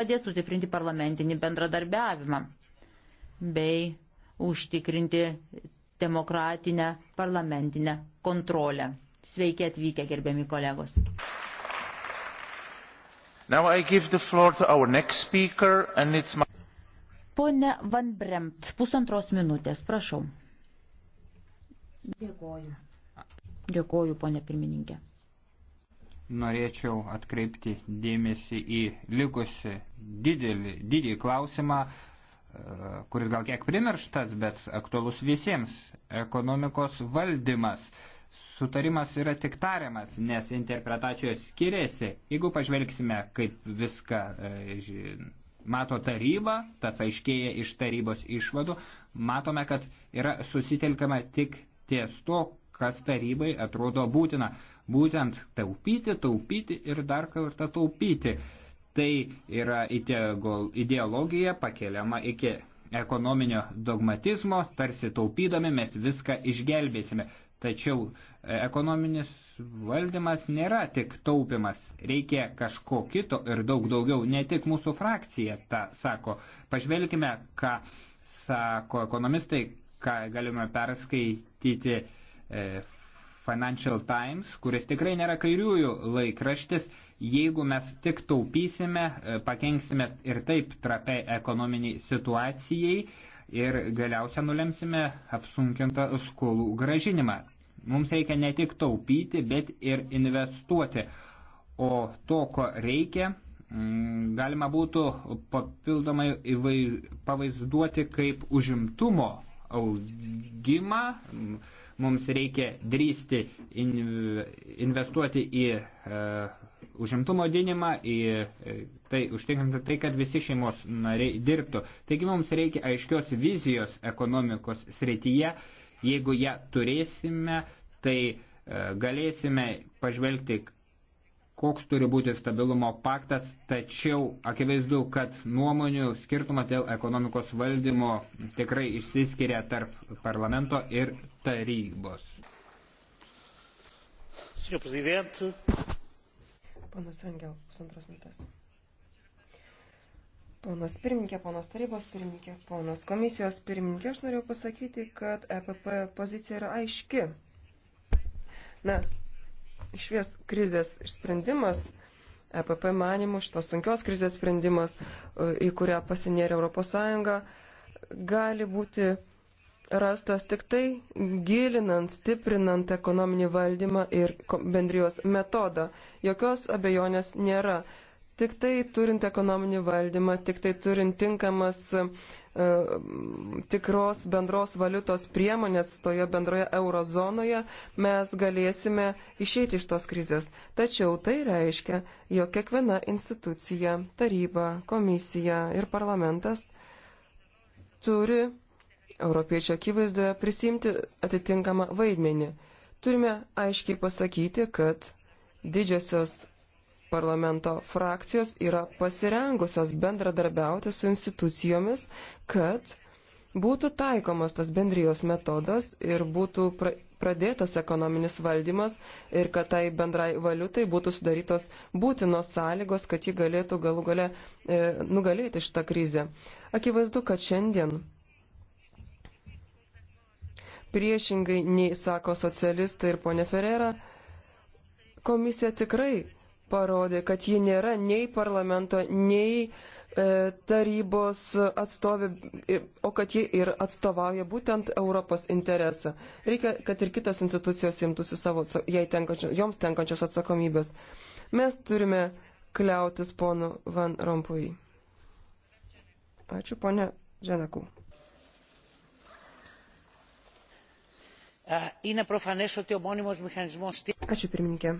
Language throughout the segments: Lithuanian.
padės sustiprinti parlamentinį bendradarbiavimą bei užtikrinti demokratinę parlamentinę kontrolę. Sveiki atvykę, gerbiami kolegos. Speaker, my... Pone Van Bremt, pusantros minutės, prašau. Dėkoju. Dėkoju, ponė pirmininkė norėčiau atkreipti dėmesį į likusi didelį, didį klausimą, e, kuris gal kiek primirštas, bet aktualus visiems - ekonomikos valdymas. Sutarimas yra tik tariamas, nes interpretacijos skiriasi. Jeigu pažvelgsime, kaip viską e, mato taryba, tas aiškėja iš tarybos išvadų, matome, kad yra susitelkama tik ties to, kas tarybai atrodo būtina būtent taupyti, taupyti ir dar kartą taupyti. Tai yra ideologija pakeliama iki ekonominio dogmatizmo, tarsi taupydami mes viską išgelbėsime. Tačiau e, ekonominis valdymas nėra tik taupimas, reikia kažko kito ir daug daugiau, ne tik mūsų frakcija tą sako. Pažvelkime, ką sako ekonomistai, ką galime perskaityti e, Financial Times, kuris tikrai nėra kairiųjų laikraštis, jeigu mes tik taupysime, e, pakenksime ir taip trapiai ekonominiai situacijai ir galiausia nulemsime apsunkintą skolų gražinimą. Mums reikia ne tik taupyti, bet ir investuoti. O to, ko reikia, mm, galima būtų papildomai įvaiz, pavaizduoti kaip užimtumo augimą, mm, Mums reikia drįsti investuoti į e, užimtumo didinimą, į e, tai užtikrinti tai, kad visi šeimos nariai dirbtų. Taigi mums reikia aiškios vizijos ekonomikos srityje. Jeigu ją turėsime, tai e, galėsime pažvelgti, koks turi būti stabilumo paktas, tačiau akivaizdu, kad nuomonių skirtumas dėl ekonomikos valdymo tikrai išsiskiria tarp parlamento ir tarybos. Ponas Rangel, pusantros minutės. Ponas pirmininkė, ponas tarybos pirmininkė, ponas komisijos pirmininkė, aš norėjau pasakyti, kad EPP pozicija yra aiški. Na, švies krizės išsprendimas, EPP manimų, šitos sunkios krizės sprendimas, e, į kurią pasinėrė ES, gali būti rastas tik tai gilinant, stiprinant ekonominį valdymą ir bendrijos metodą. Jokios abejonės nėra. Tik tai turint ekonominį valdymą, tik tai turint tinkamas e, tikros bendros valiutos priemonės toje bendroje eurozonoje, mes galėsime išeiti iš tos krizės. Tačiau tai reiškia, jog kiekviena institucija, taryba, komisija ir parlamentas turi europiečio akivaizdoje prisimti atitinkamą vaidmenį. Turime aiškiai pasakyti, kad didžiosios parlamento frakcijos yra pasirengusios bendradarbiauti su institucijomis, kad būtų taikomas tas bendrijos metodas ir būtų pra pradėtas ekonominis valdymas ir kad tai bendrai valiutai būtų sudarytos būtinos sąlygos, kad ji galėtų galų gale e, nugalėti šitą krizę. Akivaizdu, kad šiandien priešingai nei sako socialistai ir ponė Ferrera, komisija tikrai parodė, kad ji nėra nei parlamento, nei e, tarybos atstovė, o kad ji ir atstovauja būtent Europos interesą. Reikia, kad ir kitos institucijos imtųsi savo, tenkančio, joms tenkančios atsakomybės. Mes turime kliautis ponu Van Rompui. Ačiū, ponė Dženakų. Ačiū, pirmininkė.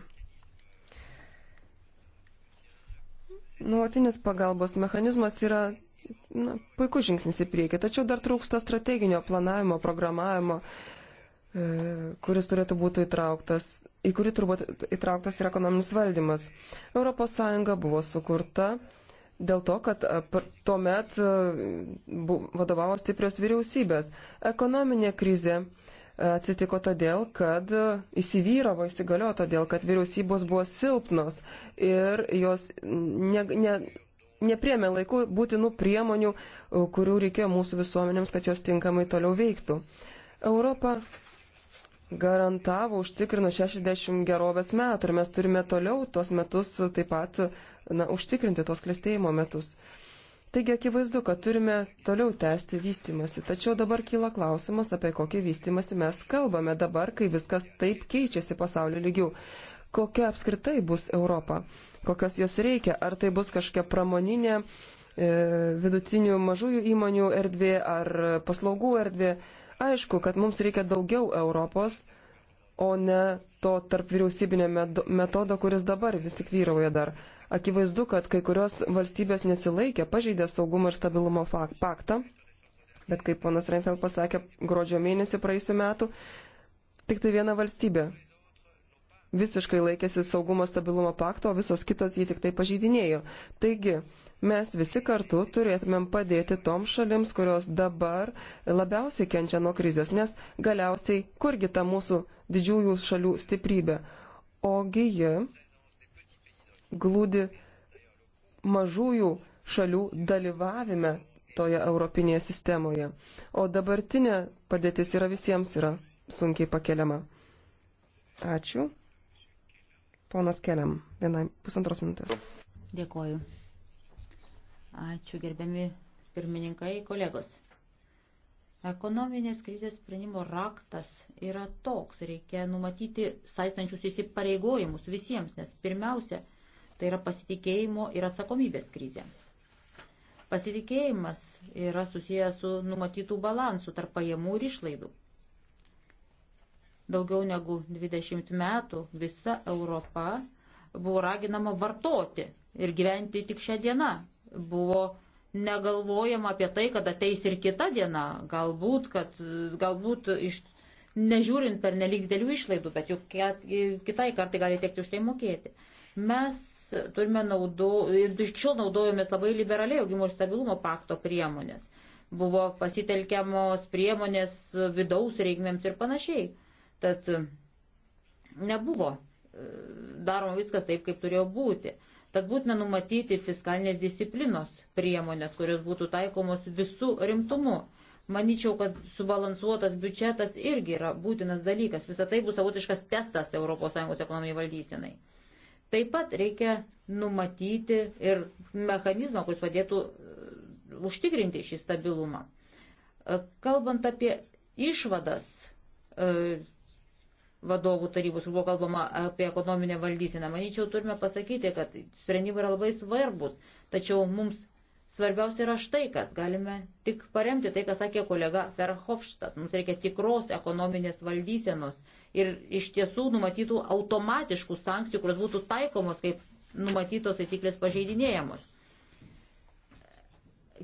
Nuolatinis pagalbos mechanizmas yra na, puikus žingsnis į priekį, tačiau dar trūksta strateginio planavimo, programavimo, e, kuris turėtų būti įtrauktas, į kurį turbūt įtrauktas ir ekonominis valdymas. ES buvo sukurta dėl to, kad e, tuomet e, vadovavo stiprios vyriausybės. Ekonominė krizė atsitiko todėl, kad įsivyravo, įsigaliojo todėl, kad vyriausybos buvo silpnos ir jos ne, ne, nepriemė laiku būtinų priemonių, kurių reikėjo mūsų visuomenėms, kad jos tinkamai toliau veiktų. Europa garantavo, užtikrino 60 gerovės metų ir mes turime toliau tuos metus taip pat na, užtikrinti tuos klėstėjimo metus. Uh, Taigi akivaizdu, kad turime toliau tęsti vystimasi, tačiau dabar kyla klausimas, apie kokį vystimasi mes kalbame dabar, kai viskas taip keičiasi pasaulio lygių. Kokia apskritai bus Europa? Kokios jos reikia? Ar tai bus kažkokia pramoninė, e, vidutinių mažųjų įmonių erdvė ar paslaugų erdvė? Aišku, kad mums reikia daugiau Europos, o ne to tarp vyriausybinio metodo, kuris dabar vis tik vyrauja dar. Akivaizdu, kad kai kurios valstybės nesilaikė, pažeidė saugumo ir stabilumo paktą, bet kaip ponas Renfeld pasakė gruodžio mėnesį praeisių metų, tik tai viena valstybė visiškai laikėsi saugumo stabilumo pakto, o visos kitos jį tik tai pažydinėjo. Taigi, mes visi kartu turėtumėm padėti tom šalims, kurios dabar labiausiai kenčia nuo krizės, nes galiausiai kurgi ta mūsų didžiųjų šalių stiprybė. Ogi ji glūdi mažųjų šalių dalyvavime toje europinėje sistemoje. O dabartinė padėtis yra visiems yra sunkiai pakeliama. Ačiū. Ponas Keliam, vienai pusantros minutės. Dėkoju. Ačiū gerbiami pirmininkai, kolegos. Ekonominės krizės sprendimo raktas yra toks, reikia numatyti saistančius įsipareigojimus visiems, nes pirmiausia, tai yra pasitikėjimo ir atsakomybės krizė. Pasitikėjimas yra susijęs su numatytų balansų tarp pajamų ir išlaidų. Daugiau negu 20 metų visa Europa buvo raginama vartoti ir gyventi tik šią dieną. Buvo negalvojama apie tai, kad ateis ir kita diena, galbūt, kad, galbūt iš, nežiūrint per nelik dėlių išlaidų, bet juk kitai kartai gali tekti už tai mokėti. Mes turime naudo, iš šiol naudojomės labai liberaliai augimo ir stabilumo pakto priemonės. Buvo pasitelkiamos priemonės vidaus reikmėms ir panašiai. Tad e, nebuvo e, daroma viskas taip, kaip turėjo būti. Tad būtina numatyti fiskalinės disciplinos priemonės, kurios būtų taikomos visų rimtumu. Maničiau, kad subalansuotas biudžetas irgi yra būtinas dalykas. Visą tai bus savotiškas testas ES ekonominiai valdysenai. Taip pat reikia numatyti ir mechanizmą, kuris padėtų e, užtikrinti šį stabilumą. Kalbant apie išvadas vadovų tarybos, buvo kalbama apie ekonominę valdysiną. Manyčiau, turime pasakyti, kad sprendimai yra labai svarbus, tačiau mums svarbiausia yra štai kas. Galime tik paremti tai, ką sakė kolega Ferhofštat. Mums reikia tikros ekonominės valdysenos ir iš tiesų numatytų automatiškų sankcijų, kurios būtų taikomos kaip numatytos taisyklės pažeidinėjamos.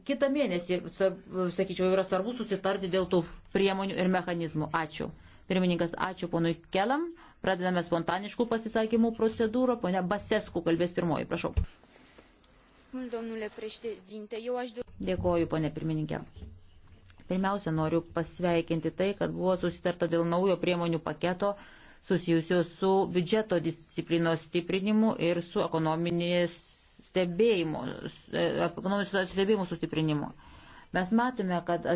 Kita mėnesį, sakyčiau, yra svarbu susitarti dėl tų priemonių ir mechanizmų. Ačiū. Pirmininkas, ačiū ponui Kelam. Pradedame spontaniškų pasisakymų procedūrą. Pone Basesku kalbės pirmoji, prašau. Dėkoju, ponė pirmininkė. Pirmiausia, noriu pasveikinti tai, kad buvo susitarta dėl naujo priemonių paketo susijusio su biudžeto disciplinos stiprinimu ir su ekonominės stebėjimo, e, ekonominės stebėjimo sustiprinimu. Mes matome, kad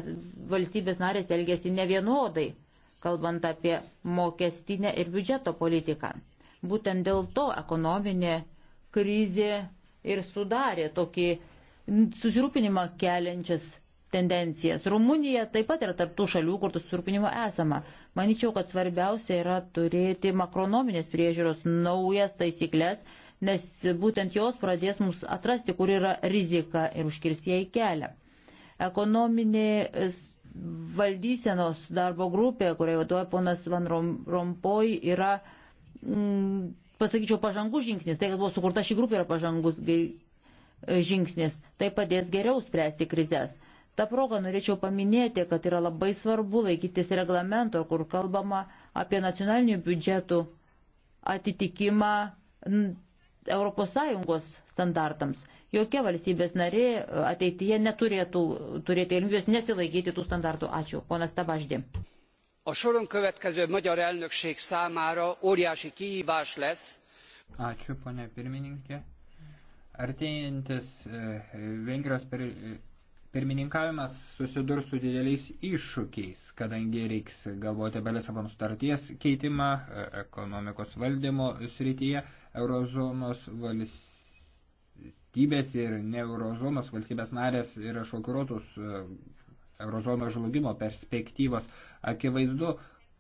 valstybės narės elgesi nevienodai kalbant apie mokestinę ir biudžeto politiką. Būtent dėl to ekonominė krizė ir sudarė tokį susirūpinimą keliančias tendencijas. Rumunija taip pat yra tarptų šalių, kur susirūpinimo esama. Maničiau, kad svarbiausia yra turėti makronominės priežiūros naujas taisyklės, nes būtent jos pradės mums atrasti, kur yra rizika ir užkirsti jai kelią. Ekonominės valdysenos darbo grupė, kurioje vadoja ponas Van Rompoj, yra, m, mm, pasakyčiau, pažangus žingsnis. Tai, kad buvo sukurta ši grupė, yra pažangus e, žingsnis. Tai padės geriau spręsti krizės. Ta proga norėčiau paminėti, kad yra labai svarbu laikytis reglamento, kur kalbama apie nacionalinių biudžetų atitikimą ES standartams. Jokia valstybės narė ateityje neturėtų turėti galimybės nesilaikyti tų standartų. Ačiū. Ponas Tabaždė. A soron következő magyar elnökség számára óriási kihívás lesz. Ačiū, ponia pirmininkė. Artėjantis e, Vengrijos per, e, pirmininkavimas susidurs su dideliais iššūkiais, kadangi reiks galvoti apie Lisabono sutarties keitimą e, ekonomikos valdymo srityje, eurozonos valis, valstybės ir ne eurozonos valstybės narės yra šokiruotus e, eurozonos žlugimo perspektyvos. Akivaizdu,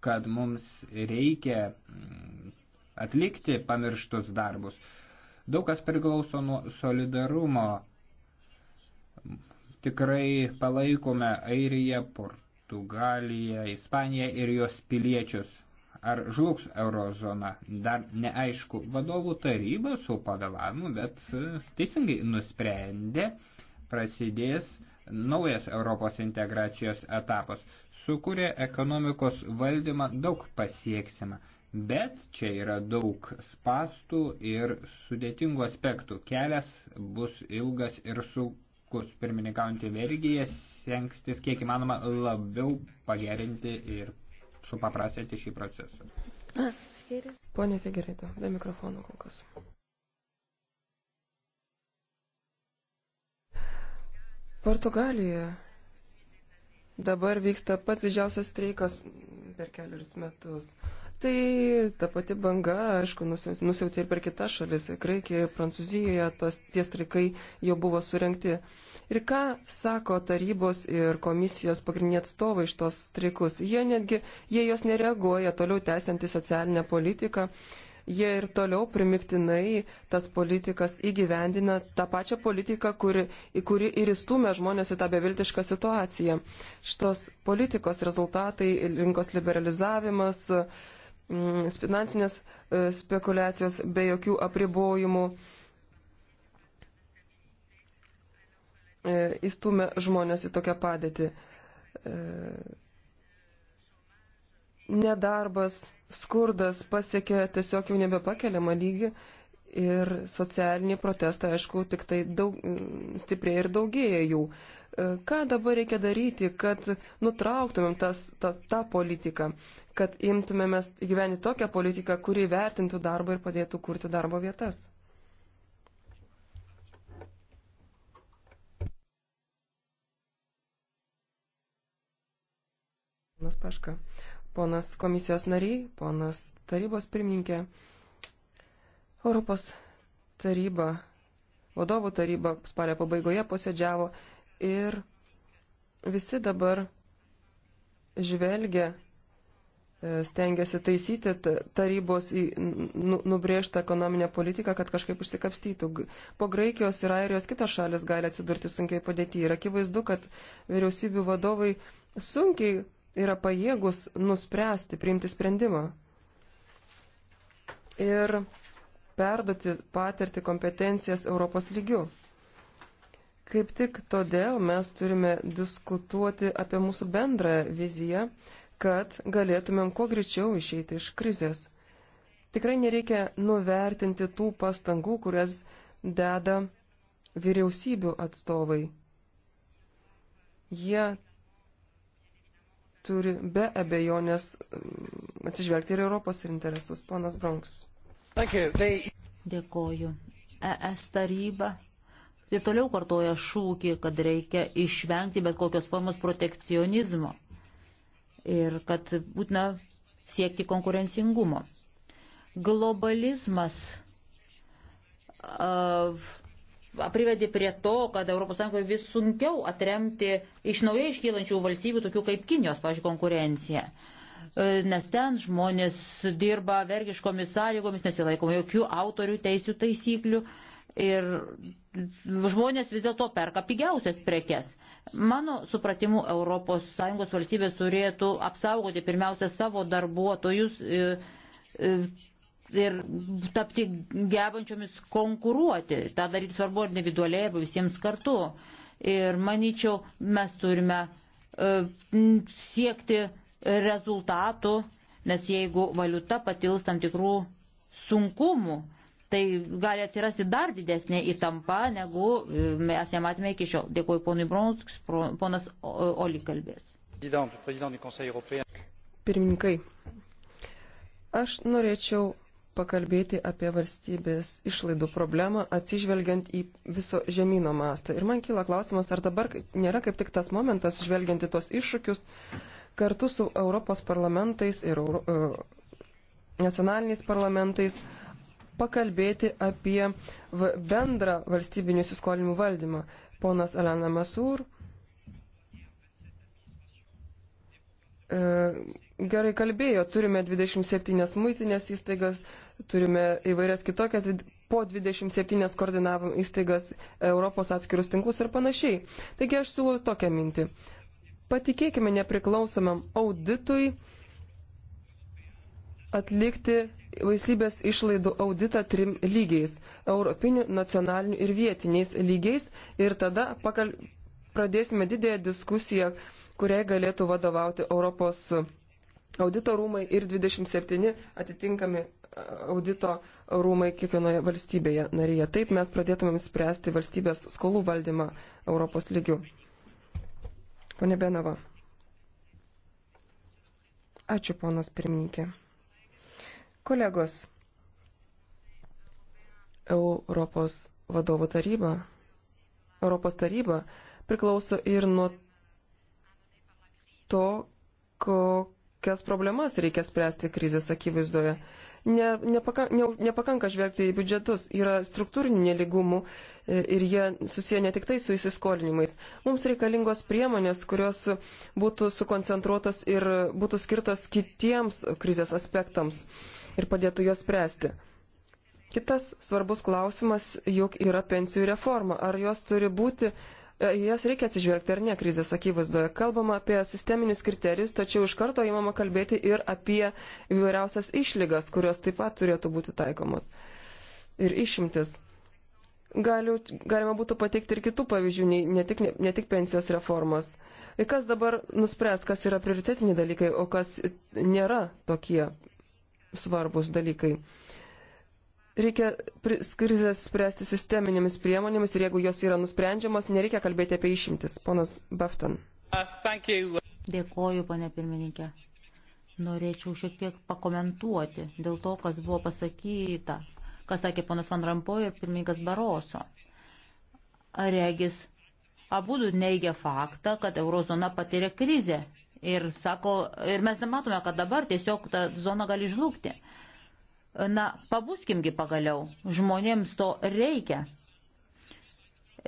kad mums reikia mm, atlikti pamirštus darbus. Daug kas priklauso nuo solidarumo. Tikrai palaikome Airiją, Portugaliją, Ispaniją ir jos piliečius ar žlugs eurozona. Dar neaišku, vadovų taryba su pavėlavimu, bet e, teisingai nusprendė, prasidės naujas Europos integracijos etapas. Sukūrė ekonomikos valdymą daug pasieksime, bet čia yra daug spastų ir sudėtingų aspektų. Kelias bus ilgas ir sunkus. Pirmininkaujantį Vergiją sengstis kiek įmanoma labiau pagerinti ir supaprastinti šį procesą. Pone Figeraito, be mikrofono kol kas. Portugalijoje dabar vyksta pats didžiausias streikas per kelius metus. Tai ta pati banga, aišku, nusiautė ir per kitas šalis. Graikijoje, Prancūzijoje tas, tie streikai jau buvo surenkti. Ir ką sako tarybos ir komisijos pagrindiniai atstovai iš tos streikus? Jie netgi, jie jos nereaguoja toliau tęsianti socialinę politiką jie ir toliau primiktinai tas politikas įgyvendina tą pačią politiką, kuri, kuri ir įstumia žmonės į tą beviltišką situaciją. Šitos politikos rezultatai - rinkos liberalizavimas, uh, Mm, finansinės e, spekulacijos be jokių apribojimų e, įstumė žmonės į tokią padėtį. E, nedarbas, skurdas pasiekė tiesiog jau nebepakeliamą lygį ir socialiniai protestai, aišku, tik tai daug, mm, stiprėja ir daugėja jų. E, ką dabar reikia daryti, kad nutrauktumėm tas, ta, tą politiką, kad imtumėmės gyventi tokią politiką, kuri vertintų darbą ir padėtų kurti darbo vietas? Ponas Paška, ponas komisijos nariai, ponas tarybos pirmininkė, Europos taryba vadovų taryba spalio pabaigoje posėdžiavo Ir visi dabar žvelgia, e, stengiasi taisyti tarybos į nubrėžtą ekonominę politiką, kad kažkaip užsikapstytų. Po Graikijos ir Airijos kitos šalis gali atsidurti sunkiai padėti. Ir akivaizdu, kad vyriausybių vadovai sunkiai yra pajėgus nuspręsti, priimti sprendimą. Ir perduoti patirtį kompetencijas Europos lygių. Kaip tik todėl mes turime diskutuoti apie mūsų bendrą viziją, kad galėtumėm kuo greičiau išeiti iš krizės. Tikrai nereikia nuvertinti tų pastangų, kurias deda vyriausybių atstovai. Jie turi be abejonės mm, atsižvelgti ir Europos interesus. Ponas Bronks. Dėkoju. ES taryba ir toliau kartoja šūkį, kad reikia išvengti bet kokios formos protekcionizmo ir kad būtina siekti konkurencingumo. Globalizmas uh, privedė prie to, kad ES vis sunkiau atremti iš naujai iškylančių valstybių, tokių kaip Kinijos, pažiūrėjau, konkurenciją. Uh, nes ten žmonės dirba vergiškomis sąlygomis, nesilaikoma jokių autorių teisių taisyklių ir žmonės vis dėlto perka pigiausias prekes. Mano supratimu, ES valstybės turėtų apsaugoti pirmiausia savo darbuotojus e, e, ir tapti gebančiomis konkuruoti. Ta daryti svarbu ir individualiai, arba visiems kartu. Ir manyčiau, mes turime e, siekti rezultatų, nes jeigu valiuta patils tam tikrų sunkumų, tai gali atsirasti dar didesnė įtampa, negu e, mes ją matėme iki šiol. Dėkuoju ponui Bronks, ponas Oli kalbės. Pirmininkai, aš norėčiau pakalbėti apie valstybės išlaidų problemą, atsižvelgiant į viso žemynų mastą. Ir man kyla klausimas, ar dabar nėra kaip tik tas momentas, žvelgiant į tos iššūkius, kartu su Europos parlamentais ir Euro, e, nacionaliniais parlamentais, pakalbėti apie bendrą valstybinių įsiskolinimų valdymą. Ponas Alena Masur e, gerai kalbėjo, turime 27 muitinės įstaigas, turime įvairias kitokias po 27 koordinavom įstaigas Europos atskirus tinklus ir panašiai. Taigi aš siūlau tokią mintį. Patikėkime nepriklausomam auditui, atlikti valstybės išlaidų auditą trim lygiais - europiniu, nacionaliniu ir vietiniais lygiais. Ir tada pakal... pradėsime didėją diskusiją, kuriai galėtų vadovauti Europos audito rūmai ir 27 atitinkami audito rūmai kiekvienoje valstybėje narėje. Taip mes pradėtumėm spręsti valstybės skolų valdymą Europos lygių. Pone Benava. Ačiū, ponas pirmininkė. Kolegos, Europos vadovų taryba, Europos taryba priklauso ir nuo to, kokias problemas reikia spręsti krizės akivaizdoje. Ne, nepaka, ne, nepakanka žvelgti į biudžetus, yra struktūrinių neligumų e, ir jie susiję ne tik tai su įsiskolinimais. Mums reikalingos priemonės, kurios būtų sukoncentruotas ir būtų skirtas kitiems krizės aspektams. Uh, ir padėtų juos spręsti. Kitas svarbus klausimas juk yra pensijų reforma. Ar jos turi būti, e, jas reikia atsižvelgti ar ne krizės akivaizdoje. Kalbama apie sisteminius kriterijus, tačiau iš karto įmama kalbėti ir apie įvairiausias išlygas, kurios taip pat turėtų būti taikomos. Ir išimtis. Galiu, galima būtų pateikti ir kitų pavyzdžių, ne, ne, tik, ne, ne tik pensijos reformos. Ir kas dabar nuspręs, kas yra prioritetiniai dalykai, o kas nėra tokie svarbus dalykai. Reikia krizės spręsti sisteminėmis priemonėmis ir jeigu jos yra nusprendžiamas, nereikia kalbėti apie išimtis. Ponas Baftan. Uh, Dėkoju, ponė pirmininkė. Norėčiau šiek tiek pakomentuoti dėl to, kas buvo pasakyta, kas sakė ponas Van Rampoj ir pirmininkas Baroso. Regis, abu neigia faktą, kad eurozona patiria krizę Ir, sako, ir mes matome, kad dabar tiesiog ta zona gali žlugti. Na, pabuskimgi pagaliau, žmonėms to reikia.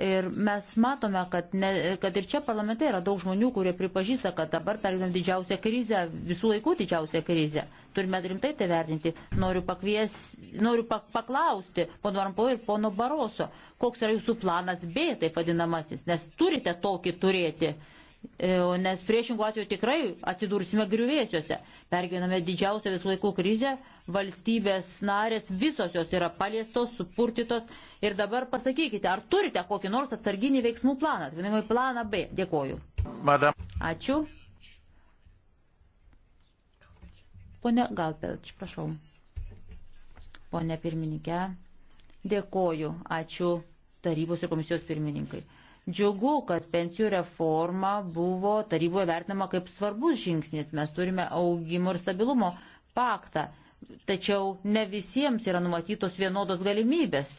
Ir mes matome, kad, ne, kad ir čia parlamente yra daug žmonių, kurie pripažįsta, kad dabar pergyvenam didžiausią krizę, visų laikų didžiausią krizę. Turime rimtai tai vertinti. Noriu, pakvies, noriu pak, paklausti pono Rampo ir pono Baroso, koks yra jūsų planas B, taip vadinamasis, nes turite tokį turėti. Uh, E, nes priešingų atveju tikrai atsidursime griuvėsiuose. Pergyvename didžiausią visų laikų krizę, valstybės narės visos jos yra paliestos, supurtytos. Ir dabar pasakykite, ar turite kokį nors atsarginį veiksmų planą, atvinamai planą B. Dėkoju. Madam. Ačiū. Pone Galpelč, prašau. Pone pirmininkė, dėkoju. Ačiū tarybos ir komisijos pirmininkai. Džiugu, kad pensijų reforma buvo taryboje vertinama kaip svarbus žingsnis. Mes turime augimo ir stabilumo paktą, tačiau ne visiems yra numatytos vienodos galimybės.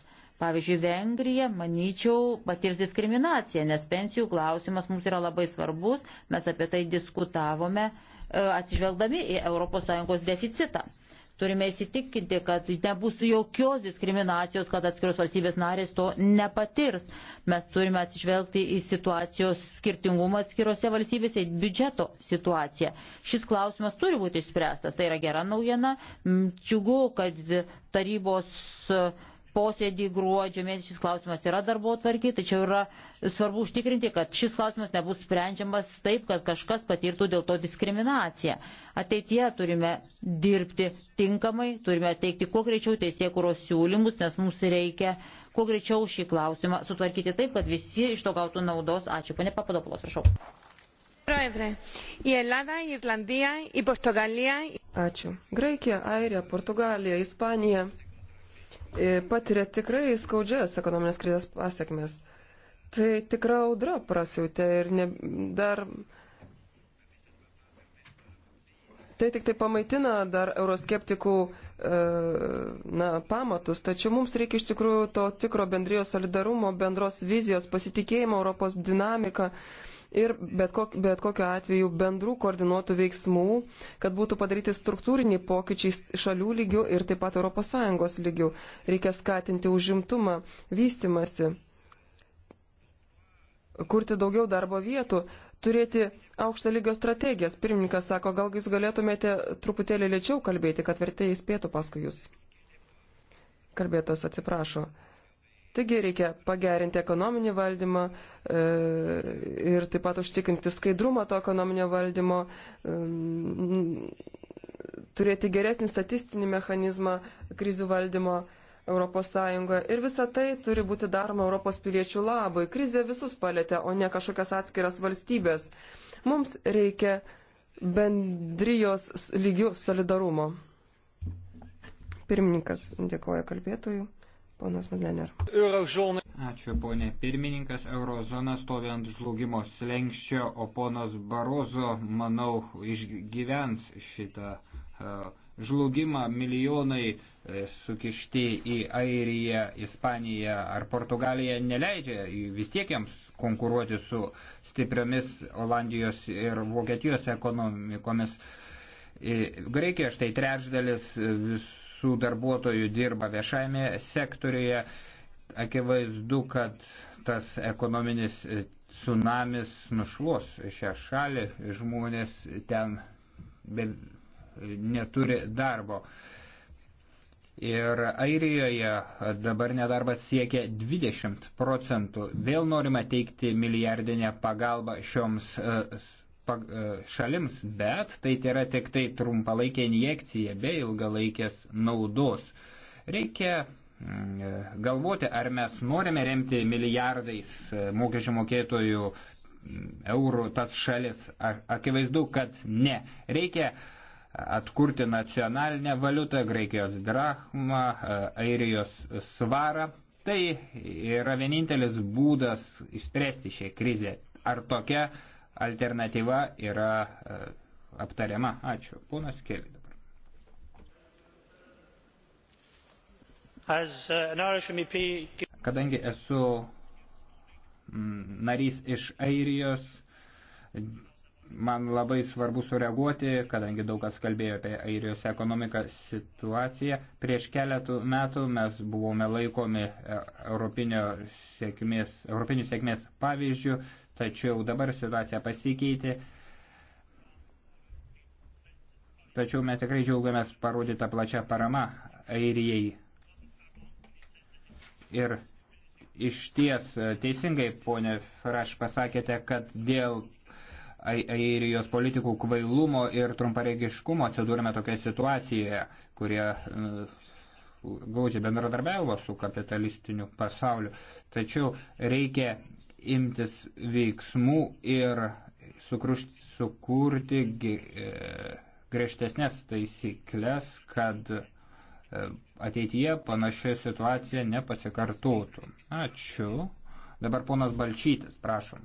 Pavyzdžiui, Vengrija, manyčiau, patirs diskriminaciją, nes pensijų klausimas mums yra labai svarbus, mes apie tai diskutavome e, atsižvelgdami į ES deficitą. Turime įsitikinti, kad nebus jokios diskriminacijos, kad atskiros valstybės narės to nepatirs. Mes turime atsižvelgti į situacijos skirtingumą atskirose valstybėse, į biudžeto situaciją. Šis klausimas turi būti išspręstas. Tai yra gera naujiena. Džiugu, kad tarybos posėdį gruodžio mėnesį šis klausimas yra darbo tvarkiai, tačiau yra svarbu užtikrinti, kad šis klausimas nebus sprendžiamas taip, kad kažkas patirtų dėl to diskriminaciją. Ateitie turime dirbti tinkamai, turime teikti kuo greičiau teisėkuros siūlymus, nes mums reikia kuo greičiau šį klausimą sutvarkyti taip, kad visi iš to gautų naudos. Ačiū, ponė Papadopulos, prašau. Ačiū. Graikija, Airija, Portugalija, Ispanija E, patiria tikrai skaudžias ekonominės krizės pasiekmes. Tai tikra audra prasiūtė ir ne, dar. Tai tik tai pamaitina dar euroskeptikų e, na, pamatus, tačiau mums reikia iš tikrųjų to tikro bendrijos solidarumo, bendros vizijos, pasitikėjimo Europos dinamika. E, ir bet, kok, bet kokiu atveju bendrų koordinuotų veiksmų, kad būtų padaryti struktūriniai pokyčiai šalių lygių ir taip pat ES lygių. Reikia skatinti užimtumą, vystimasi, kurti daugiau darbo vietų, turėti aukšto lygio strategijas. Pirmininkas sako, gal jūs galėtumėte truputėlį lėčiau kalbėti, kad vertėjai spėtų paskui jūs. Kalbėtas atsiprašo. Taigi reikia pagerinti ekonominį valdymą e, ir taip pat užtikrinti skaidrumą to ekonominio valdymo, e, turėti geresnį statistinį mechanizmą krizių valdymo. Europos Sąjungoje ir visa tai turi būti daroma Europos piliečių labui. Krizė visus palėtė, o ne kažkokias atskiras valstybės. Mums reikia bendrijos lygių solidarumo. Pirmininkas dėkoja kalbėtojui. Ponas Maglener. Ačiū, ponė pirmininkas. Eurozona stovi ant žlugimo slengščio, o ponas Barozo, manau, išgyvens šitą uh, žlugimą. Milijonai uh, sukišti į Airiją, Ispaniją ar Portugaliją neleidžia vis tiek jiems konkuruoti su stipriomis Olandijos ir Vokietijos ekonomikomis. E, Graikija štai trečdalis visų visų darbuotojų dirba viešajame sektoriuje. Akivaizdu, kad tas ekonominis e, tsunamis nušluos šią šalį, žmonės ten be, neturi darbo. Ir Airijoje dabar nedarbas siekia 20 procentų. Vėl norima teikti milijardinę pagalbą šioms e, E, šalims, bet tai yra tik tai trumpalaikė injekcija be ilgalaikės naudos. Reikia mm, e, galvoti, ar mes norime remti milijardais e, mokesčių mokėtojų mm, eurų tas šalis. Akivaizdu, kad ne. Reikia atkurti nacionalinę valiutą, Graikijos drachmą, Airijos svarą. Tai yra vienintelis būdas išspręsti šią krizę. Ar tokia alternatyva yra e, aptariama. Ačiū. Ponas Keli dabar. Uh, kadangi esu narys iš Airijos, man labai svarbu sureaguoti, kadangi daug kas kalbėjo apie Airijos ekonomiką situaciją. Prieš keletų metų mes buvome laikomi e, Europinio sėkmės, Europinių sėkmės pavyzdžių, tačiau dabar situacija pasikeitė. Tačiau mes tikrai džiaugiamės parodytą plačią paramą Airijai. Ir iš ties teisingai, ponė Fraš, pasakėte, kad dėl Airijos politikų kvailumo ir trumparegiškumo atsidūrėme tokioje situacijoje, kurie mm, gaudžia bendradarbiavo su kapitalistiniu pasauliu. Tačiau reikia imtis veiksmų ir sukrušti, sukurti e, griežtesnės taisyklės, kad e, ateityje panašia situacija nepasikartotų. Ačiū. Dabar ponas Balčytis, prašom.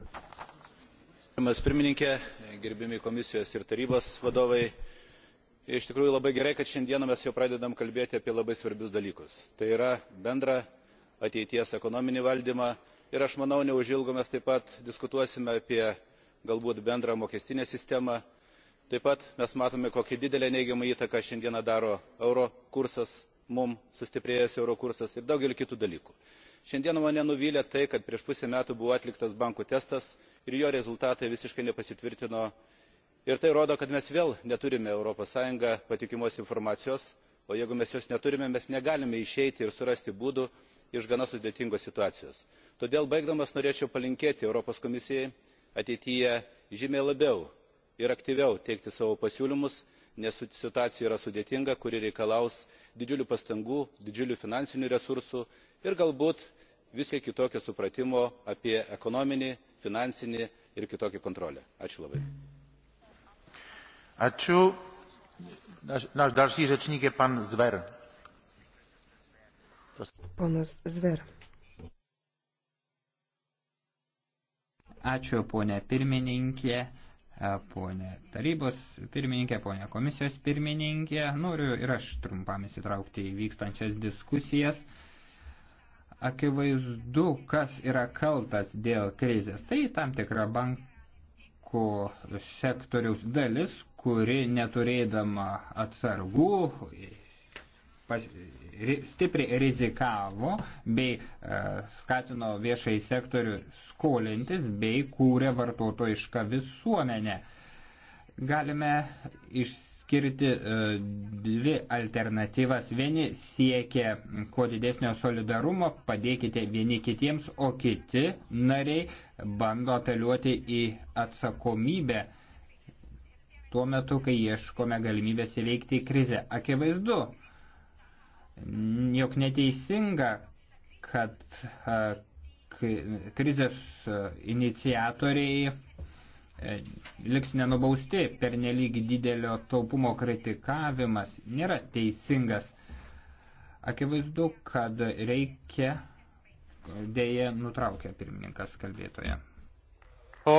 Gerbiamas pirmininkė, gerbimi komisijos ir tarybos vadovai, iš tikrųjų labai gerai, kad šiandieną mes jau pradedam kalbėti apie labai svarbius dalykus. Tai yra bendrą ateities ekonominį valdymą, ir aš manau neužilgo mes taip pat diskutuosime apie galbūt bendrą mokestinę sistemą taip pat mes matome kokią didelę neigiamą įtaką šiandien daro euro kursas mums sustiprėjęs euro kursas ir daugelis kitų dalykų. šiandien mane nuvylė tai kad prieš pusę metų buvo atliktas bankų testas ir jo rezultatai visiškai nepasitvirtino ir tai rodo kad mes vėl neturime europos sąjunga patikimos informacijos o jeigu mes jos neturime mes negalime išeiti ir surasti būdų iš gana sudėtingos situacijos todėl baigdamas norėčiau palinkėti europos komisijai ateityje žymiai labiau ir aktyviau teikti savo pasiūlymus nes situacija yra sudėtinga kuri reikalaus didžiulių pastangų didžiulių finansinių resursų ir galbūt visiškai kitokio supratimo apie ekonominį finansinį ir kitokią kontrolę. ačiū labai. Ačiū. Naš další řečník je pan Zver. Ponas Zver. Ačiū ponė pirmininkė, e, ponė tarybos pirmininkė, ponė komisijos pirmininkė. Noriu ir aš trumpam įsitraukti į vykstančias diskusijas. Akivaizdu, kas yra kaltas dėl krizės. Tai tam tikra bankų sektoriaus dalis, kuri neturėdama atsargų stipriai rizikavo bei e, skatino viešai sektorių skolintis bei kūrė vartotojišką visuomenę. Galime išskirti e, dvi alternatyvas. Vieni siekia kuo didesnio solidarumo, padėkite vieni kitiems, o kiti nariai bando apeliuoti į atsakomybę tuo metu, kai ieškome galimybės įveikti krizę. Akivaizdu, jog neteisinga, kad krizės iniciatoriai e, liks nenubausti per nelyg didelio taupumo kritikavimas nėra teisingas. Akivaizdu, kad reikia dėje nutraukė pirmininkas kalbėtoje. O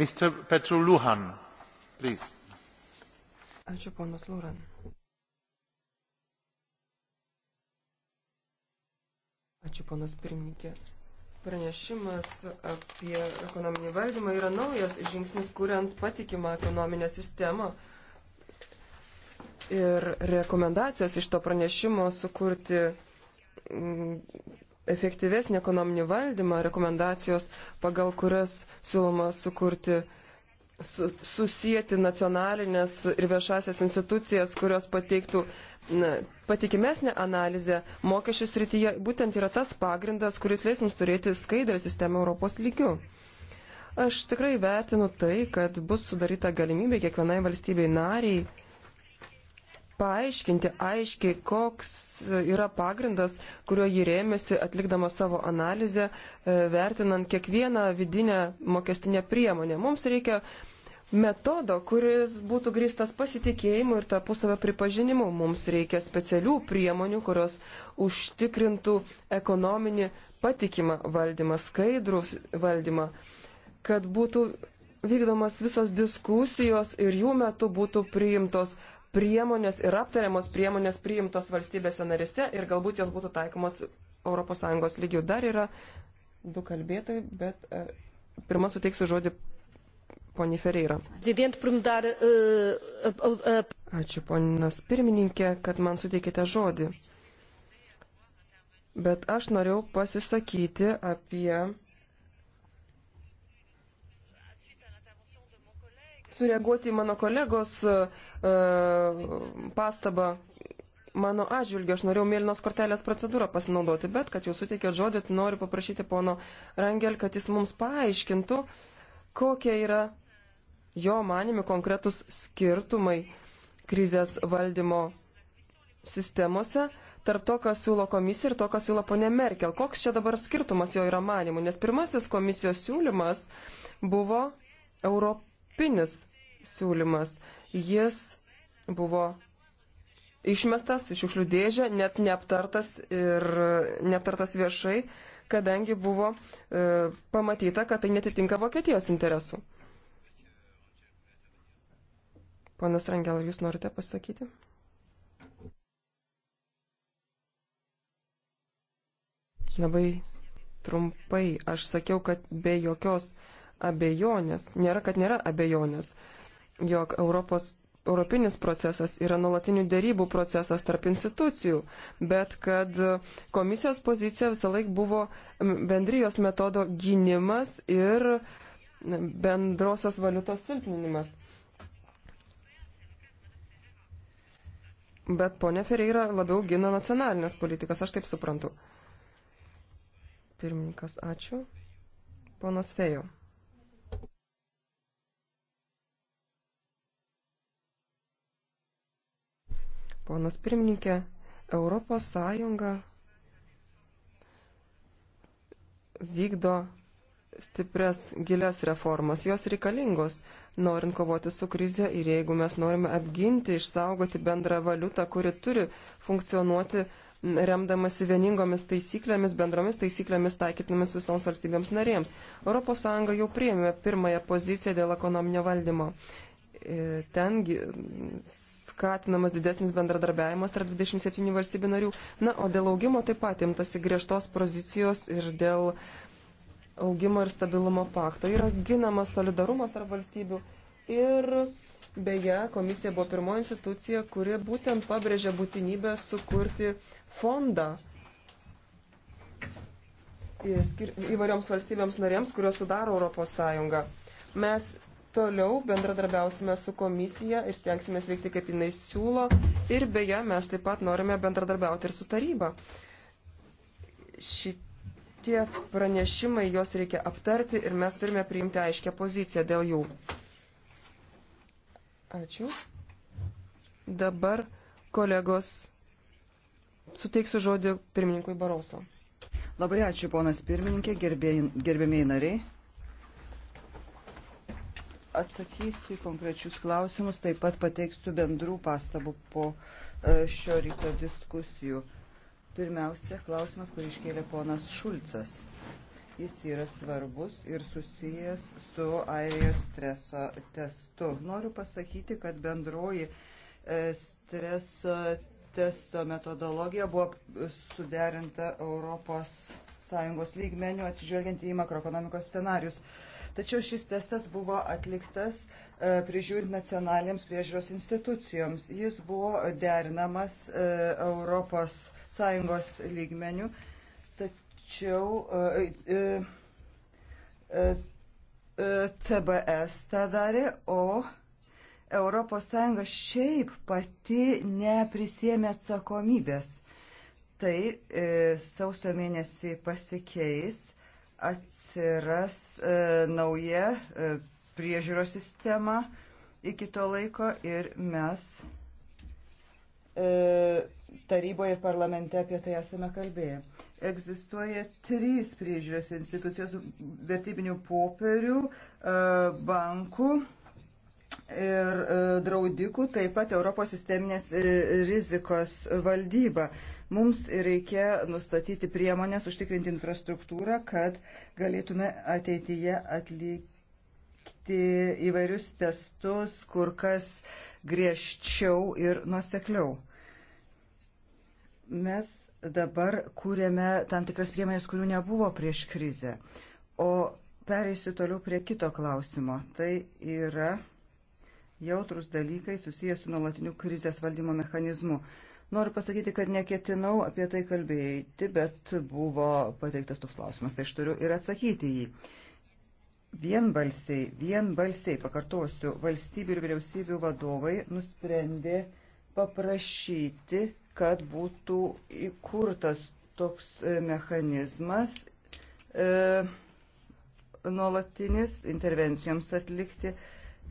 Mr. Petru Luhan, please. Ačiū, ponas Luran. Ačiū, ponas pirmininkė. Pranešimas apie ekonominį valdymą yra naujas žingsnis, kuriant patikimą ekonominę sistemą. Ir rekomendacijos iš to pranešimo sukurti mm, efektyvesnį ekonominį valdymą, rekomendacijos, pagal kurias siūloma sukurti su, susijęti nacionalinės ir viešasias institucijas, kurios pateiktų na, patikimesnė analizė mokesčių srityje, būtent yra tas pagrindas, kuris leis mums turėti skaidrę sistemą Europos lygių. Aš tikrai vertinu tai, kad bus sudaryta galimybė kiekvienai valstybei nariai paaiškinti aiškiai, koks yra pagrindas, kurio jį rėmėsi atlikdama savo analizę, e, vertinant kiekvieną vidinę mokestinę priemonę. Mums reikia metodo, kuris būtų grįstas pasitikėjimu ir tarpusavio pripažinimu. Mums reikia specialių priemonių, kurios užtikrintų ekonominį patikimą valdymą, skaidrų valdymą, kad būtų vykdomas visos diskusijos ir jų metu būtų priimtos priemonės ir aptariamos priemonės priimtos valstybėse narise ir galbūt jos būtų taikomos ES lygių. Dar yra du kalbėtojai, bet e, pirmą suteiksiu žodį Pone Ferreira. Eh, Ačiū, poninas pirmininkė, kad man suteikėte žodį. Bet aš norėjau pasisakyti apie sureaguoti į mano kolegos uh, pastabą mano atžvilgiu. Aš norėjau mėlynos kortelės procedūrą pasinaudoti, bet kad jau suteikėt žodį, tai noriu paprašyti pono Rangel, kad jis mums paaiškintų, kokia yra Jo manimi konkretus skirtumai krizės valdymo sistemose tarp to, ką siūlo komisija ir to, ką siūlo ponė Merkel. Koks čia dabar skirtumas jo yra manimų? Nes pirmasis komisijos siūlymas buvo europinis siūlymas. Jis buvo išmestas iš šiukšlių dėžę, net neaptartas ir neaptartas viešai, kadangi buvo e, pamatyta, kad tai netitinka Vokietijos interesų. Ponas Rangel, jūs norite pasakyti? Labai trumpai aš sakiau, kad be jokios abejonės, nėra, kad nėra abejonės, jog Europos, europinis procesas yra nuolatinių dėrybų procesas tarp institucijų, bet kad komisijos pozicija visą laik buvo bendrijos metodo gynimas ir bendrosios valiutos silpninimas. Bet ponia Ferreira labiau gina nacionalinės politikas, aš taip suprantu. Pirmininkas, ačiū. Ponas Fejo. Ponas pirmininkė, Europos Sąjunga vykdo stipres, gilias reformas. Jos reikalingos, norint kovoti su krize ir jeigu mes norime apginti, išsaugoti bendrą valiutą, kuri turi funkcionuoti remdamasi vieningomis taisyklėmis, bendromis taisyklėmis taikytinomis visoms valstybėms narėms. ES jau priėmė pirmąją poziciją dėl ekonominio valdymo. E, ten skatinamas didesnis bendradarbiavimas tarp 27 valstybių narių. Na, o dėl augimo taip pat imtasi griežtos pozicijos ir dėl uh, augimo ir stabilumo pakto. Yra ginamas solidarumas tarp valstybių ir beje, komisija buvo pirmoji institucija, kuri būtent pabrėžė būtinybę sukurti fondą įvairioms valstybėms narėms, kurios sudaro Europos Sąjungą. Mes toliau bendradarbiausime su komisija ir stengsime veikti, kaip jinai siūlo. Ir beje, mes taip pat norime bendradarbiauti ir su taryba. Šit tie pranešimai, juos reikia aptarti ir mes turime priimti aiškę poziciją dėl jų. Ačiū. Dabar kolegos suteiksiu žodį pirmininkui Baroso. Labai ačiū, ponas pirmininkė, gerbėmiai nariai. Atsakysiu į konkrečius klausimus, taip pat pateiksiu bendrų pastabų po e, šio ryto diskusijų. Pirmiausia, klausimas, kurį iškėlė ponas Šulcas. Jis yra svarbus ir susijęs su airijos streso testu. Noriu pasakyti, kad bendroji e, streso testo metodologija buvo suderinta Europos Sąjungos lygmenių atsižvelgiant į makroekonomikos scenarius. Tačiau šis testas buvo atliktas e, prižiūrint nacionalinėms priežiūros institucijoms. Jis buvo derinamas e, Europos sąjungos lygmenių, tačiau e, e, e, CBS tą darė, o ES šiaip pati neprisėmė atsakomybės. Tai e, sausio mėnesį pasikeis, atsiras e, nauja e, priežiūros sistema iki to laiko ir mes E, taryboje ir parlamente apie tai esame kalbėję. Egzistuoja trys priežiūros institucijos vertybinių popierių, e, bankų ir e, draudikų, taip pat Europos sisteminės rizikos valdyba. Mums reikia nustatyti priemonės, užtikrinti infrastruktūrą, kad galėtume ateityje atlikti įvairius testus, kur kas uh, griežčiau ir nuosekliau. Mes dabar kūrėme tam tikras priemonės, kurių nebuvo prieš krizę. O pereisiu toliau prie kito klausimo. Tai yra jautrus dalykai susijęs su nuolatiniu krizės valdymo mechanizmu. Noriu pasakyti, kad neketinau apie tai kalbėti, bet buvo pateiktas toks klausimas, tai aš turiu ir atsakyti jį vienbalsiai, vienbalsiai, pakartosiu, valstybių ir vyriausybių vadovai nusprendė paprašyti, kad būtų įkurtas toks e, mechanizmas e, nuolatinis intervencijoms atlikti.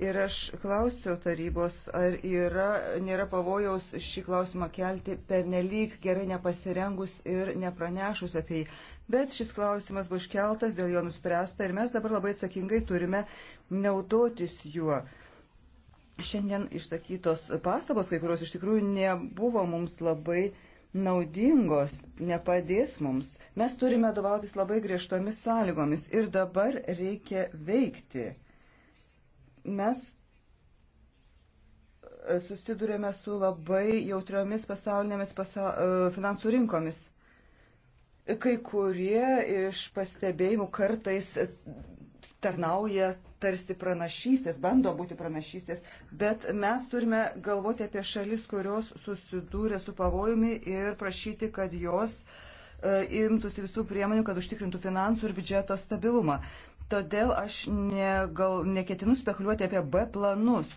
Ir aš klausiau tarybos, ar yra, nėra pavojaus šį klausimą kelti pernelyg gerai nepasirengus ir nepranešus apie jį bet šis klausimas buvo iškeltas, dėl jo nuspręsta ir mes dabar labai atsakingai turime naudotis juo. Šiandien išsakytos pastabos, kai kurios iš tikrųjų nebuvo mums labai naudingos, nepadės mums. Mes turime dovautis labai griežtomis sąlygomis ir dabar reikia veikti. Mes susidurėme su labai jautriomis pasaulinėmis pasa finansų rinkomis. Kai kurie iš pastebėjimų kartais tarnauja tarsi pranašystės, bando būti pranašystės, bet mes turime galvoti apie šalis, kurios susidūrė su pavojumi ir prašyti, kad jos e, imtųsi visų priemonių, kad užtikrintų finansų ir biudžeto stabilumą. Todėl aš negal, neketinu spekuliuoti apie B planus.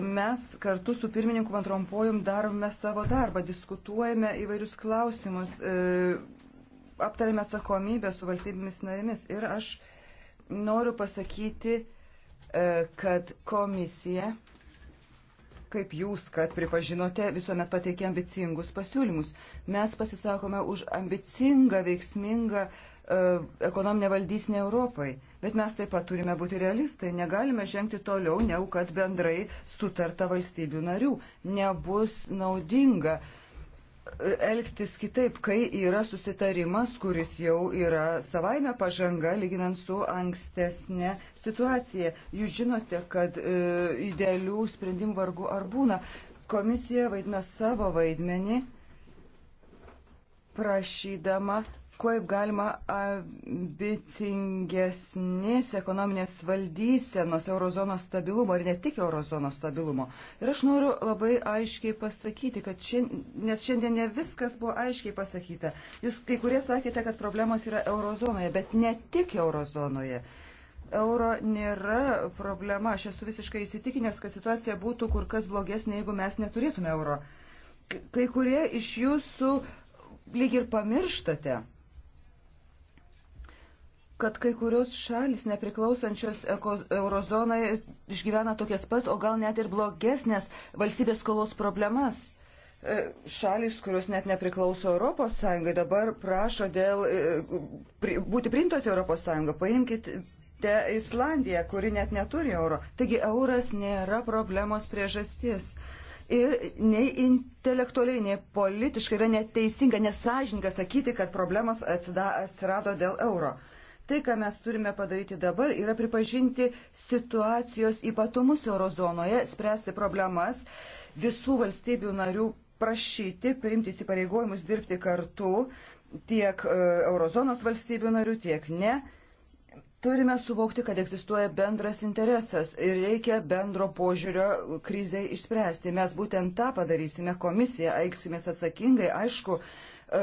Mes kartu su pirmininku Vantrompojum darome savo darbą, diskutuojame įvairius klausimus. E, aptarėme atsakomybę su valstybėmis narėmis ir aš noriu pasakyti, e, kad komisija, kaip jūs, kad pripažinote, visuomet pateikė ambicingus pasiūlymus. Mes pasisakome už ambicingą, veiksmingą e, ekonominę valdysinę Europai. Bet mes taip pat turime būti realistai, negalime žengti toliau, negu kad bendrai sutarta valstybių narių. Nebus naudinga uh, elgtis kitaip, kai yra susitarimas, kuris jau yra savaime pažanga, lyginant su ankstesnė situacija. Jūs žinote, kad e, idealių sprendimų vargu ar būna. Komisija vaidina savo vaidmenį, prašydama kaip galima ambicingesnės ekonominės valdysenos eurozonos stabilumo ir ne tik eurozonos stabilumo. Ir aš noriu labai aiškiai pasakyti, kad šiandien, nes šiandien ne viskas buvo aiškiai pasakyta. Jūs kai kurie sakėte, kad problemos yra eurozonoje, bet ne tik eurozonoje. Euro nėra problema. Aš esu visiškai įsitikinęs, kad situacija būtų kur kas blogesnė, jeigu mes neturėtume euro. Kai kurie iš jūsų lyg ir pamirštate kad kai kurios šalis nepriklausančios eurozonai išgyvena tokias pat, o gal net ir blogesnės valstybės skolos problemas. E, šalis, kurios net nepriklauso Europos Sąjungai, dabar prašo dėl e, būti priimtos Europos Sąjungą. Paimkite Islandiją, kuri net neturi euro. Taigi euras nėra problemos priežastis ir nei intelektualiai, nei politiškai yra neteisinga, nesažininga sakyti, kad problemos atsirado dėl euro. Tai, ką mes turime padaryti dabar, yra pripažinti situacijos ypatumus eurozonoje, spręsti problemas visų valstybių narių prašyti, priimti įsipareigojimus dirbti kartu tiek e, eurozonos valstybių narių, tiek ne. Turime suvokti, kad egzistuoja bendras interesas ir reikia bendro požiūrio kriziai išspręsti. Mes būtent tą padarysime, komisija aiksimės atsakingai, aišku, E,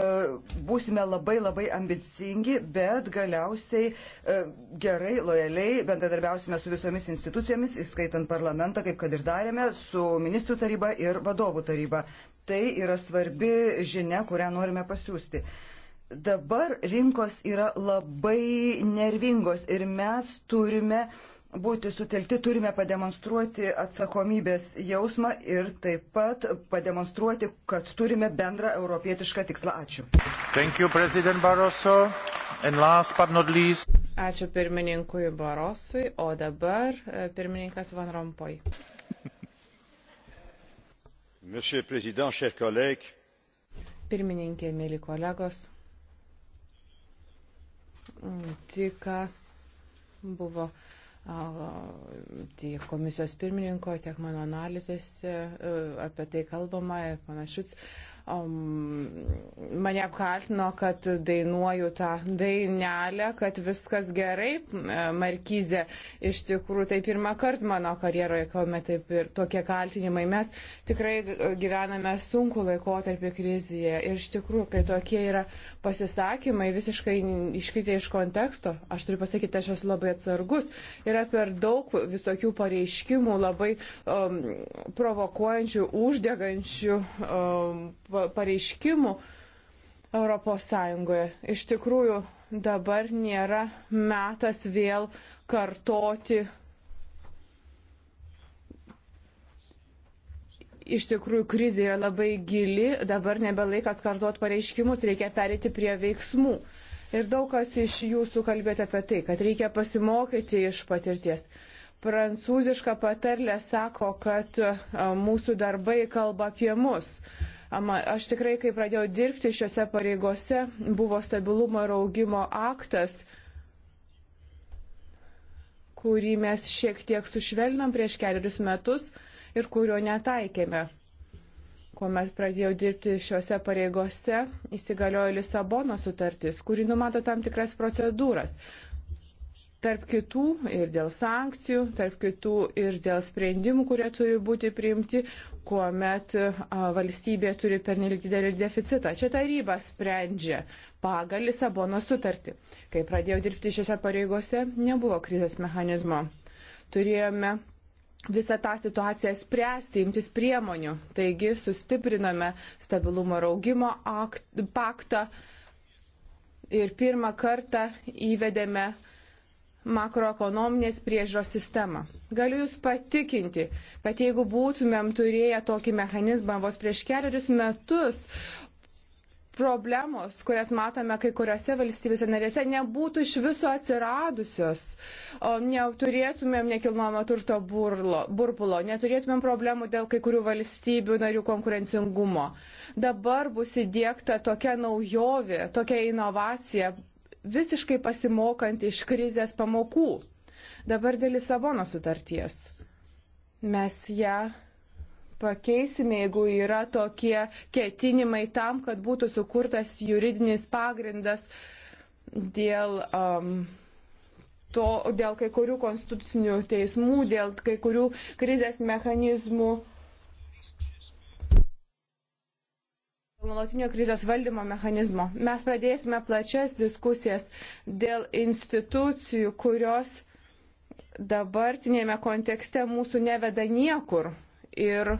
būsime labai labai ambicingi, bet galiausiai e, gerai, lojaliai bendradarbiausime su visomis institucijomis, įskaitant parlamentą, kaip kad ir darėme, su ministrų taryba ir vadovų taryba. Tai yra svarbi žinia, kurią norime pasiūsti. Dabar rinkos yra labai nervingos ir mes turime uh, būti sutelkti, turime pademonstruoti atsakomybės jausmą ir taip pat pademonstruoti, kad turime bendrą europietišką tikslą. Ačiū. Thank you, least... Ačiū pirmininkui Barosui, o dabar e, pirmininkas Van Rompoj. Pirmininkė, mėly kolegos, tik buvo tiek komisijos pirmininko, tiek mano analizėse e, apie tai kalbama ir panašius um, mane apkaltino, kad dainuoju tą dainelę, kad viskas gerai, e, Markyzė. Iš tikrųjų, tai pirmą kartą mano karjeroje, kuomet taip ir tokie kaltinimai. Mes tikrai gyvename sunku laikotarpį krizėje. Ir iš tikrųjų, kai tokie yra pasisakymai visiškai iškritę iš konteksto, aš turiu pasakyti, aš esu labai atsargus. Yra per daug visokių pareiškimų, labai um, provokuojančių, uždegančių. Um, pareiškimų ES. Iš tikrųjų, dabar nėra metas vėl kartoti iš tikrųjų krizė yra labai gili, dabar nebelaikas kartuot pareiškimus, reikia perėti prie veiksmų. Ir daug kas iš jūsų kalbėjote apie tai, kad reikia pasimokyti iš patirties. Prancūziška patarlė sako, kad mūsų darbai kalba apie mus. Uh, Aš tikrai, kai pradėjau dirbti šiuose pareigose, buvo stabilumo ir augimo aktas kurį mes šiek tiek sušvelnam prieš keliarius metus ir kurio netaikėme. Kuomet pradėjau dirbti šiuose pareigose, įsigaliojo Lisabono sutartis, kuri numato tam tikras procedūras tarp kitų ir dėl sankcijų, tarp kitų ir dėl sprendimų, kurie turi būti priimti, kuomet valstybė turi pernelik didelį deficitą. Čia taryba sprendžia pagal Lisabono sutartį. Kai pradėjau dirbti šiose pareigose, nebuvo krizės mechanizmo. Turėjome visą tą situaciją spręsti, imtis priemonių. Taigi sustiprinome stabilumo ir augimo akt, paktą ir pirmą kartą įvedėme uh, makroekonominės priežiūros sistemą. Galiu Jūs patikinti, kad jeigu būtumėm turėję tokį mechanizmą vos prieš keliarius metus, problemos, kurias matome kai kuriuose valstybėse narėse, nebūtų iš viso atsiradusios. O neturėtumėm nekilnojamo turto burlo, burbulo, neturėtumėm problemų dėl kai kurių valstybių narių konkurencingumo. Dabar bus įdėkta tokia naujovė, tokia inovacija, visiškai pasimokant iš krizės pamokų. Dabar dėl Lisabono sutarties. Mes ją pakeisime, jeigu yra tokie ketinimai tam, kad būtų sukurtas juridinis pagrindas dėl, um, to, dėl kai kurių konstitucinių teismų, dėl kai kurių krizės mechanizmų nuolatinio krizės valdymo mechanizmo. Mes pradėsime plačias diskusijas dėl institucijų, kurios dabartinėme kontekste mūsų neveda niekur ir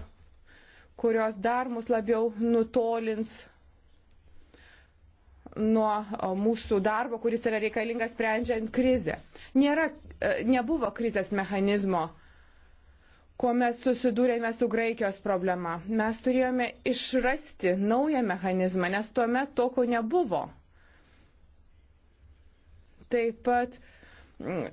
kurios dar mus labiau nutolins nuo mūsų darbo, kuris yra reikalingas sprendžiant krizę. Nėra, e, nebuvo krizės mechanizmo kuomet susidūrėme su Graikijos problema. Mes turėjome išrasti naują mechanizmą, nes tuomet tokio nebuvo. Taip pat, mm,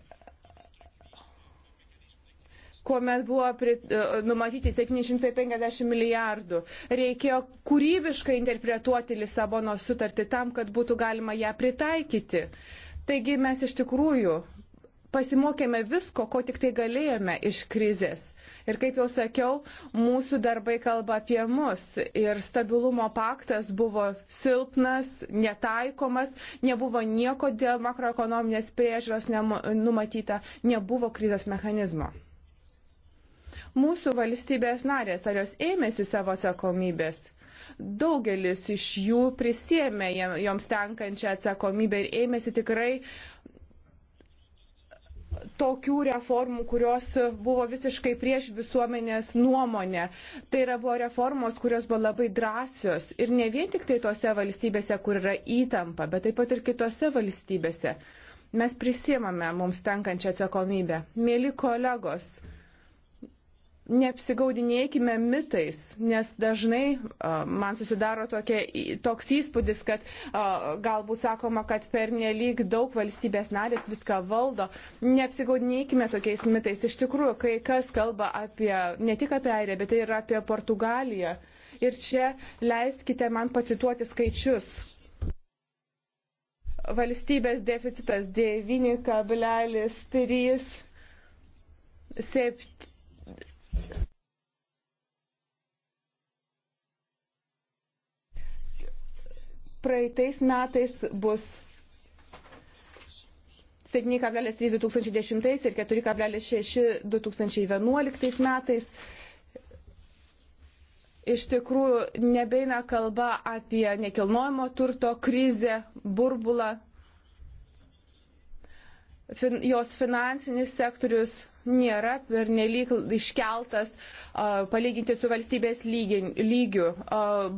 kuomet buvo prit, e, numatyti 750 milijardų, reikėjo kūrybiškai interpretuoti Lisabono sutartį tam, kad būtų galima ją pritaikyti. Taigi mes iš tikrųjų pasimokėme visko, ko tik tai galėjome iš krizės Ir kaip jau sakiau, mūsų darbai kalba apie mus. Ir stabilumo paktas buvo silpnas, netaikomas, nebuvo nieko dėl makroekonominės priežiūros numatyta, nebuvo krizės mechanizmo mūsų valstybės narės, ar jos ėmėsi savo atsakomybės. Daugelis iš jų prisėmė joms tenkančią atsakomybę ir ėmėsi tikrai tokių reformų, kurios buvo visiškai prieš visuomenės nuomonę. Tai yra buvo reformos, kurios buvo labai drąsios ir ne vien tik tai tose valstybėse, kur yra įtampa, bet taip pat ir kitose valstybėse. Mes prisimame mums tenkančią atsakomybę. Mėly kolegos, neapsigaudinėkime mitais, nes dažnai a, man susidaro tokia, toks įspūdis, kad a, galbūt sakoma, kad per nelik daug valstybės narės viską valdo. Neapsigaudinėkime tokiais mitais. Iš tikrųjų, kai kas kalba apie, ne tik apie Airiją, bet ir apie Portugaliją. Ir čia leiskite man pacituoti skaičius. Valstybės deficitas 9,3. 7 Praeitais metais bus 7,3 2010 ir 4,6 2011 metais. Iš tikrųjų, nebeina kalba apie nekilnojamo turto krizę, burbulą. Fin, jos finansinis sektorius nėra pernelyg iškeltas palyginti su valstybės lygiu.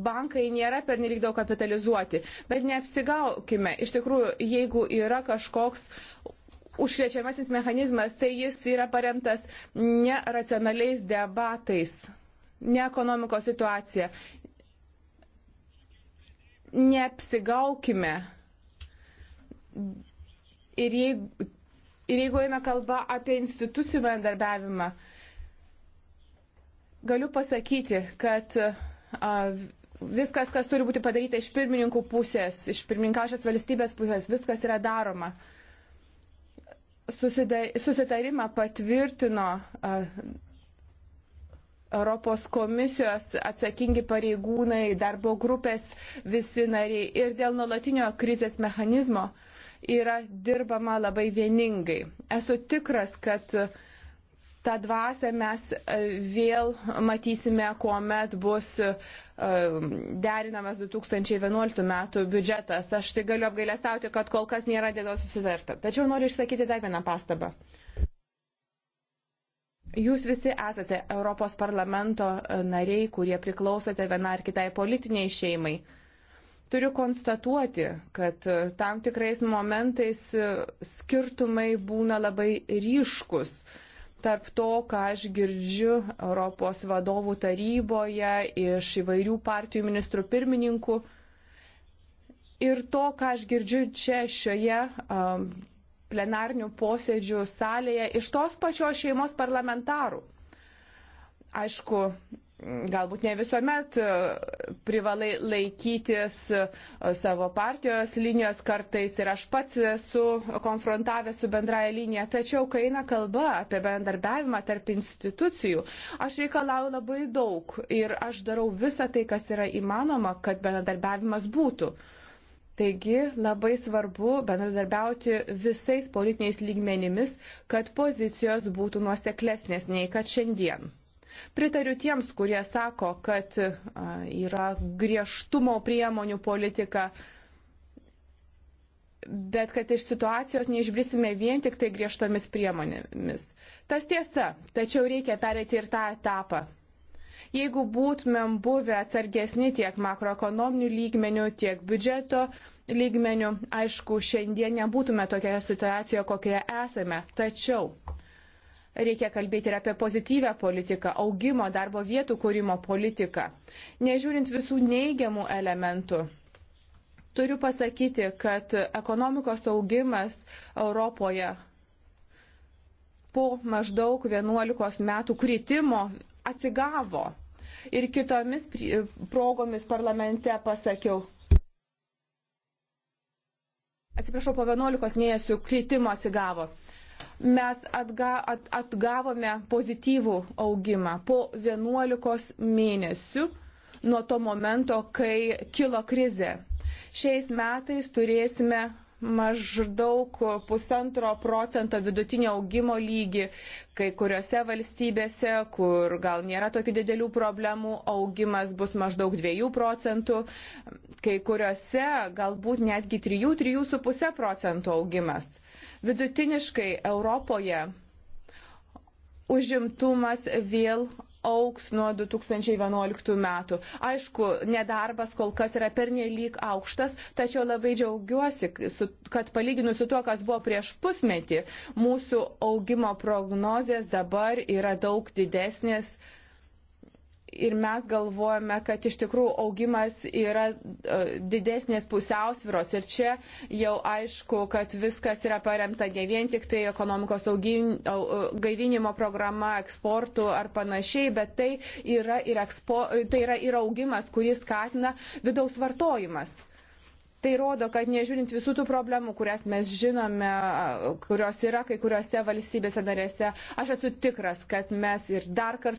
Bankai nėra pernelyg daug kapitalizuoti. Bet neapsigaukime, iš tikrųjų, jeigu yra kažkoks užkrečiamasis mechanizmas, tai jis yra paremtas neracionaliais debatais, ne ekonomikos situacija. Neapsigaukime. Ir jeigu Ir jeigu eina kalba apie institucijų bendarbiavimą, galiu pasakyti, kad viskas, kas turi būti padaryta iš pirmininkų pusės, iš pirmininkaušios valstybės pusės, viskas yra daroma. Susitarimą patvirtino Europos komisijos atsakingi pareigūnai, darbo grupės visi nariai ir dėl nuolatinio krizės mechanizmo. Uh, yra dirbama labai vieningai. Esu tikras, kad tą dvasę mes e, vėl matysime, kuomet bus e, derinamas 2011 metų biudžetas. Aš tai galiu apgailestauti, kad kol kas nėra dėl to susitarta. Tačiau noriu išsakyti dar vieną pastabą. Jūs visi esate Europos parlamento e, nariai, kurie priklausote viena ar kitai politiniai šeimai. Turiu konstatuoti, kad e, tam tikrais momentais e, skirtumai būna labai ryškus tarp to, ką aš girdžiu Europos vadovų taryboje iš įvairių partijų ministrų pirmininkų ir to, ką aš girdžiu čia šioje um, plenarnių posėdžių salėje iš tos pačios šeimos parlamentarų. Aišku, galbūt ne visuomet e, privalai laikytis e, savo partijos linijos, kartais ir aš pats esu konfrontavęs su bendraja linija, tačiau kai eina kalba apie bendarbiavimą tarp institucijų, aš reikalauju labai daug ir aš darau visą tai, kas yra įmanoma, kad bendradarbiavimas būtų. Taigi labai svarbu bendradarbiauti visais politiniais lygmenimis, kad pozicijos būtų nuoseklesnės nei kad šiandien. Pritariu tiems, kurie sako, kad yra griežtumo priemonių politika, bet kad iš situacijos neišbrisime vien tik tai griežtomis priemonėmis. Tas tiesa, tačiau reikia perėti ir tą etapą. Jeigu būtumėm buvę atsargesni tiek makroekonominių lygmenių, tiek biudžeto lygmenių, aišku, šiandien nebūtume tokioje situacijoje, kokioje esame. Tačiau Reikia kalbėti ir apie pozityvę politiką, augimo, darbo vietų kūrimo politiką. Nežiūrint visų neigiamų elementų, turiu pasakyti, kad ekonomikos augimas Europoje po maždaug 11 metų kritimo atsigavo. Ir kitomis progomis parlamente pasakiau, atsiprašau, po 11 mėnesių kritimo atsigavo mes atga, at, atgavome pozityvų augimą po 11 mėnesių nuo to momento, kai kilo krizė. Šiais metais turėsime maždaug pusantro procento vidutinio augimo lygį. Kai kuriuose valstybėse, kur gal nėra tokių didelių problemų, augimas bus maždaug 2 procentų, kai kuriuose galbūt netgi 3-3,5 procentų augimas. Vidutiniškai Europoje užimtumas vėl auks nuo 2011 metų. Aišku, nedarbas kol kas yra pernelyg aukštas, tačiau labai džiaugiuosi, kad palyginus su tuo, kas buvo prieš pusmetį, mūsų augimo prognozijas dabar yra daug didesnės ir mes galvojame, kad iš tikrųjų augimas yra e, didesnės pusiausviros. Ir čia jau aišku, kad viskas yra paremta ne vien tik tai ekonomikos augin, e, gaivinimo programa, eksportų ar panašiai, bet tai yra ir, ekspo, tai yra ir augimas, kuris skatina vidaus vartojimas. Tai rodo, kad nežiūrint visų tų problemų, kurias mes žinome, kurios yra kai kuriuose valstybėse narėse, aš esu tikras, kad mes ir dar kartą